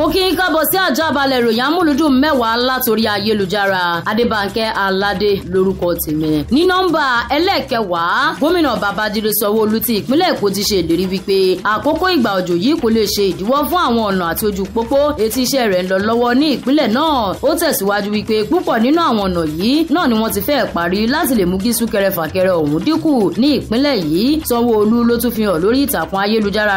mo kí n kábọ̀ sí àjábalẹ̀ ìròyìn amúlùdùn mẹ́wàá látòrí ayélujára adébànkẹ́ aládé lórúkọ tèmi ní nọ́mbà ẹlẹ́ẹ̀kẹwàá gómìnà babájídé sanwó-olú ti ìpínlẹ̀ èkó ti ṣe ìlérí wípé àkókò ìgbà òjò yìí kò lè ṣe ìdíwọ́ fún àwọn ọ̀nà àti ojú pópó etí iṣẹ́ rẹ̀ ń lọ lọ́wọ́ ní ìpínlẹ̀ náà ó tẹ̀síwájú wípé púpọ̀ nínú àwọn ọ̀nà yìí náà ni wọ́n ti fẹ́ parí láti lè mú kí súnkẹrẹ fàkẹrẹ ọ̀hún dínkù ní ìpínlẹ̀ yìí sanwó ló tún fi hàn lórí ìtàkùn ayélujára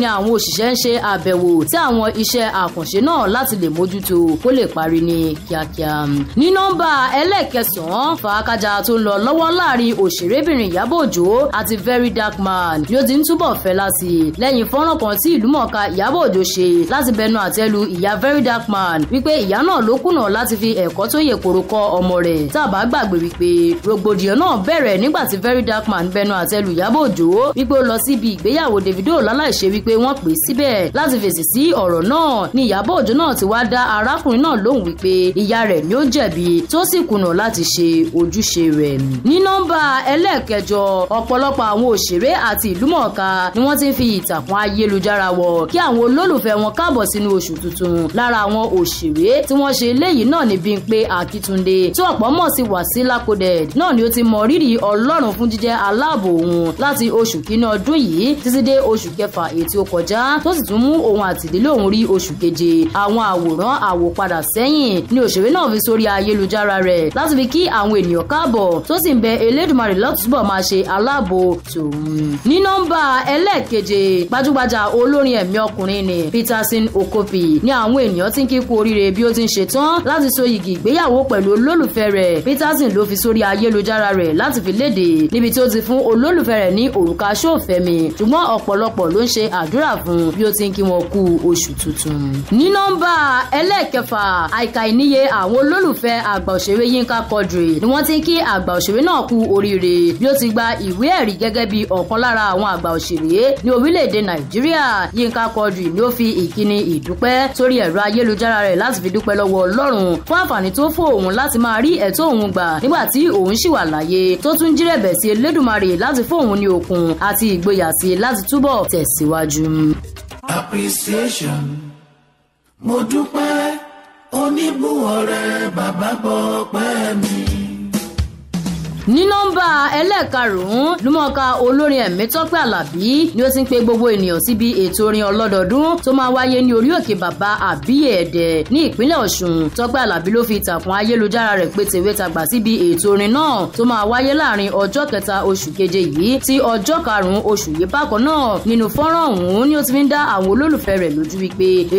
ni àwọn òṣìṣẹ́ ń ṣe àbẹ̀wò àwọn iṣẹ́ àkànṣe náà láti lè mójútó kó lè parí ní kíákíá. ní nọ́mbà ẹlẹ́ẹ̀kẹsàn-án fàákàjà tó ń lọ lọ́wọ́ láàrin òṣèrébìnrin Ìyábọ̀ Òjó àti Very Dark Man bí ó ti ń túbọ̀ fẹ́ láti lẹ́yìn fọ́nrán kan tí ìlúmọ̀ọ́ká Ìyábọ̀ Òjó ṣe láti bẹnu àtẹ́lu ìyá Very Dark Man wípé ìyá náà ló kùnà láti fi ẹ̀kọ́ tó yè koro kọ́ ọmọ rẹ̀ tá a gbàgbé wípé rògbòdìyàn náà bẹ̀rẹ̀ nígbà tí Very Dark Man bẹnu àtẹ́lu Ìyábọ̀ Òjó wípé ó lọ síbi ìgbéyàwó Davido láláìṣe wípé wọ́n pè síbẹ̀ láti fèsì sí ọ̀rọ̀ náà ni Ìyábọ̀ Òjó náà ti wá dá arákùnrin náà lóhùn wípé ìyá rẹ̀ ni ó jẹ̀bi tó sì kùnà láti ṣe ojúṣe rẹ̀ ní nọ́mbà ẹlẹ́ẹ̀kẹjọ ọ̀pọ̀lọpọ̀ àwọn òṣèré àti ìlúmọ̀ọ́ká ni wọ́n ti ń fi ìtàkùn ayélujára wọ kí àwọn olólùfẹ́ wọn káàbọ̀ sínú oṣù tuntun lára àwọn òṣèré tí wọ́n ṣe eléyìí náà ni Bímpé Akíntúndé tí ọ̀pọ̀ mọ̀ sí Wàsílà Coded náà ni ó ti mọ rírì Ọlọ́run fún jíjẹ́ aláàbò òun láti oṣù kínní ọdún yìí títí dé oṣù kẹfà èyí tí ó kọjá tó sì tún mú òun àtìlélò lòun rí oṣù keje àwọn àwòrán àwòpadà sẹ́yìn ni òṣèré náà fi sórí ayélujára rẹ̀ láti fi kí àwọn ènìyàn káàbọ̀ tó sì ń bẹ elédùnmarè lọ́tùbọ̀ máa ṣe aláàbò tòun. ní nọ́mbà ẹlẹ́ẹ̀keje gbajúgbajà olórin ẹ̀mí ọkùnrin ni Peterson Okopi ni àwọn ènìyàn ti ń kíkú oríire bí ó ti ń ṣe láti so yìgì ìgbéyàwó pẹ̀lú olólùfẹ́ rẹ̀ Peterson ló fi sórí ayélujára rẹ̀ láti fi léde níbi tí ó ti fún olólùfẹ́ rẹ̀ ní òrùka ṣóòfẹ́mi ṣùgbọ́n ọ̀pọ̀lọpọ̀ ló ń ṣe àdúrà fún bí ó ti ń kí wọn kú oṣù oṣù tuntun. ní nọ́mbà ẹlẹ́ẹ̀kẹfà àìkà ìníye àwọn olólùfẹ́ àgbà òṣèré Yínká Quadri ni wọ́n ti ń kí àgbà òṣèré náà kú oríire bí ó ti gba ìwé ẹ̀rí gẹ́gẹ́ bí ọ̀kan lára àwọn àgbà òṣèré ní orílẹ̀-èdè Nàìjíríà Yínká Quadri ni ó fi ìkíni ìdúpẹ́ sórí ẹ̀rọ ayélujára rẹ̀ láti fi dúpẹ́ lọ́wọ́ Ọlọ́run fún àǹfààní tó fún òun láti máa rí ẹ̀tọ́ òun gbà nígbà tí òun ṣì wà láyé tó tún jírẹ̀bẹ̀ sí Elédùmarè láti fún òun ní okun àti ìgboyà sí láti túbọ̀ tẹ̀síwájú appreciation mo dúpẹ́ oníbùwọ̀ rẹ bàbá bọ́ pẹ́ mi ní nọ́mbà ẹlẹ́ẹ̀karùn-ún lúmọ̀ọ́ká olórin ẹ̀mí tọ́pẹ́ àlàbí ni ó ti ń pe gbogbo ènìyàn síbi ètò orin ọlọ́dọọdún tó máa wáyé ní orí òkè bàbá àbíyè ẹ̀dẹ̀ ní ìpínlẹ̀ ọ̀ṣun tọ́pẹ́ àlàbí ló fi ìtàkùn ayélujára rẹ̀ pé tèwé tagbà síbi ètò orin náà tó máa wáyé láàrin ọjọ́ kẹta oṣù keje yìí tí ọjọ́ karùn-ún oṣù yìí bákan náà nínú fọ́nrán ni ó ti fi ń dá àwọn olólùfẹ́ rẹ̀ lójú wípé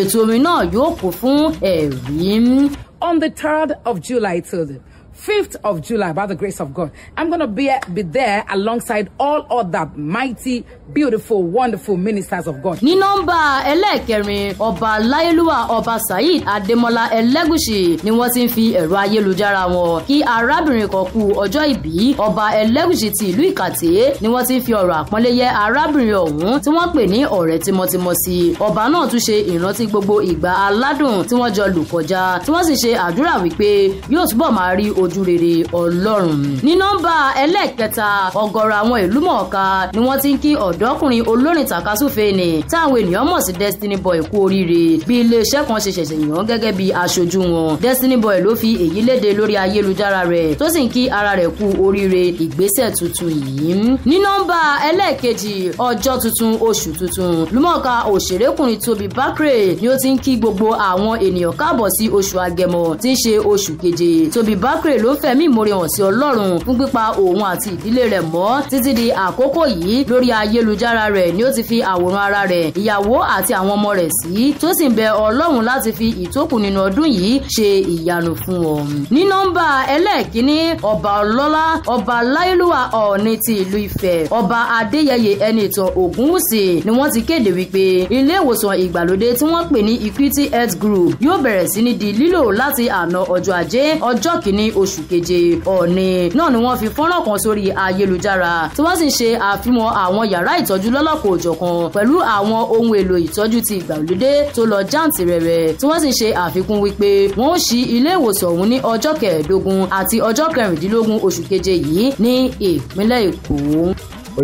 On the third of July to the 5th of July, by the grace of God. I'm going to be, be there alongside all other mighty, beautiful, wonderful ministers of God. Ní nọ́mbà ẹlẹ́ẹ̀kẹrin, ọba Láìlúwà ọba Saheed Adémọ́lá Ẹlẹ́gùṣì ni wọ́n ti ń fi ẹ̀rọ ayélujára wọn. Kí arábìnrin kan kú ọjọ́ ìbí, ọba Ẹlẹ́gùṣì ti ìlú Ìkàtẹ́ ni wọ́n ti ń fi ọ̀rọ̀ àpọ́nlé yẹ arábìnrin ọ̀hún tí wọ́n pè ní ọ̀rẹ́ tímọ́tímọ́ sí. Ọba náà tún ṣe ìrántí gbogbo ìgbà aládùn tí wọ́n jọ lù kọjá, tí wọ́n sì ṣe àdúrà wípé yóò túbọ̀ máa rí ojú rere ọlọ́run. ní nọ́mbà ẹlẹ́ẹ̀kẹta ọ̀gọ̀rọ̀ àwọn ìlú mọ̀ọ́ká ni wọ́n ti ń kí ọ̀dọ́kùnrin olórin tàkasúfè ni táwọn ènìyàn mọ̀ sí Destiny Boy kú oríire bí iléeṣẹ́ kan ṣe ṣẹ̀ṣẹ̀ yàn gẹ́gẹ́ bí aṣojú wọn Destiny Boy ló fi èyí léde lórí ayélujára rẹ̀ tó sì ń kí ara rẹ̀ kú oríire ìgbésẹ̀ tuntun yìí. ní nọ́mbà ẹlẹ́ẹ̀kejì ọjọ́ tuntun oṣù tuntun lúmọ̀ọ́ká òṣèrékùnrin Tobi Bakre ni ó ti ń kí gbogbo àwọn ènìyàn káàbọ̀ sí oṣù Agẹmọ tí ń ṣe oṣù keje Tobi Bakre Bakre ló fẹ̀mí ìmoore hàn sí Ọlọ́run fún pípa òun àti ìdílé rẹ̀ mọ́ títí di àkókò yìí lórí ayélujára rẹ̀ ni ó ti fi àwòrán ara rẹ̀ ìyàwó àti àwọn ọmọ rẹ̀ sí tó sì ń bẹ Ọlọ́run láti fi ìtókù nínú ọdún yìí ṣe ìyanu fún ọ. ní nọ́mbà ẹlẹ́ẹ̀kínní ọba ọlọ́lá ọba láìlúwà ọ̀ọ́ni ti ìlú Ifẹ̀ ọba Adéyẹyè Ẹnìtàn Ògúnwùsì ni wọ́n ti kéde wípé ilé ìwòsàn ìgbàlódé tí wọ́n pè ní Equity Health Group yóò bẹ̀rẹ̀ sí ní di lílò láti àná ọjọ́ ajé ọjọ́ kìíní oṣù keje ọ̀ni náà ni wọ́n fi fọ́nrán kan sórí ayélujára tí wọ́n sì ń ṣe àfihàn àwọn yàrá ìtọ́jú lọ́lọ́kọ̀ òjọ̀kan pẹ̀lú àwọn ohun èlò ìtọ́jú ti ìgbàlódé tó lọ jáǹtì rẹ̀rẹ̀ tí wọ́n sì ń ṣe àfikún wípé wọ́n ó ṣí ilé ìwòsàn ọ̀hún ní ọjọ́ kẹẹ̀ẹ́dógún àti ọjọ́ kẹrìndínlógún oṣù keje yìí ní ìpínlẹ̀ Èkó.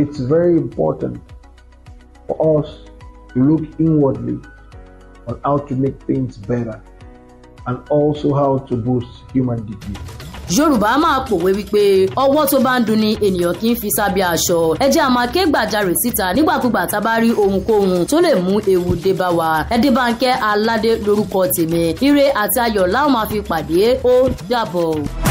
It's very important for us to look inwardly on how to make things better and also how to boost human dignity yorùbá máa pòwe wípé ọwọ́ tó bá ń dun ni ènìyàn kì í fi sábẹ́ aṣọ ẹ jẹ́ a máa ké gbàjarè síta nígbàkúgbà tá a bá rí ohunkóhun tó lè mú ewu dé bá wa ẹdínbànkẹ́ aládé lórúkọ tèmi ire àti ayọ̀ láwọn máa fi pàdé ó dàbọ̀.